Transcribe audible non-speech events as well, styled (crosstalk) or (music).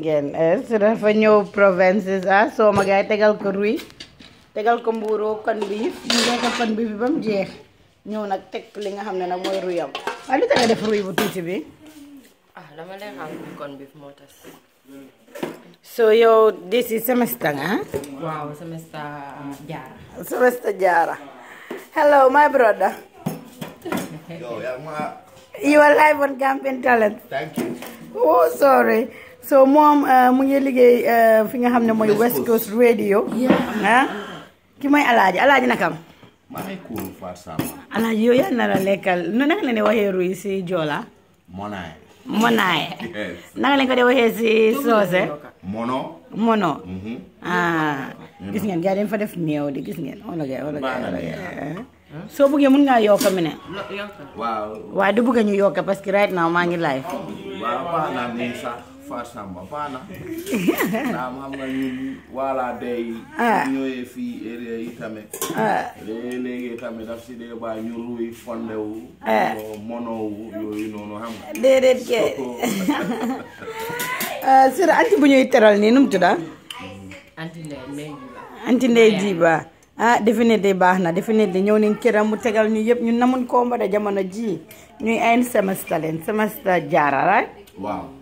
Gen, es dafa provinces ah so ma eh, tegal ko tegal ko mbuuroo kan kon biif ñu lekkal kon biif bi ba mu jeex ñëw nag teg li nga xam ne nag ruyam waaye lu tax def ruy bu bi ah dama lay xam kon beef moo so yo, this is semester nga ah. Wow, semester ah, jaara semester jaara hello my brother Yo, ya, you are live on camping talent? thank you oh sorry so moom uh, mu ngi liggéey uh, fi nga xam ne mooy West Coast Radio ah ki mooy alaaji alaaji nakam alaaji yow yaa nar a lekkal nu naka la ne waxee ruy si joola monaay monaay naka lañ ko de waxee si soose mono mhm. ah. gis ngeen gaa dem fa def meew di gis ngeen ologee ologee eh? soo buggee mun ngaa yokka mi ne waaw du bugg ñu yokka parce que right now maa ngi live bapana nisa farsamba bana nam xam (laughs) nga ñun wala day ah. ñoy e fi ere e itame ah. le legi tamé daf ci dé ba ñu ruy fondé wu ah. mono wu yoyu nonu xam nga dedet ke sir anti bu ñuy téral ni num tudda anti ndey mejiba anti ndey jiba ah definitely baax na definitely ñëw nañ këram mu tegal ñu yëpp ñu namun ko mbada jamono ji ñuy ay semester len semester jaara right Wow.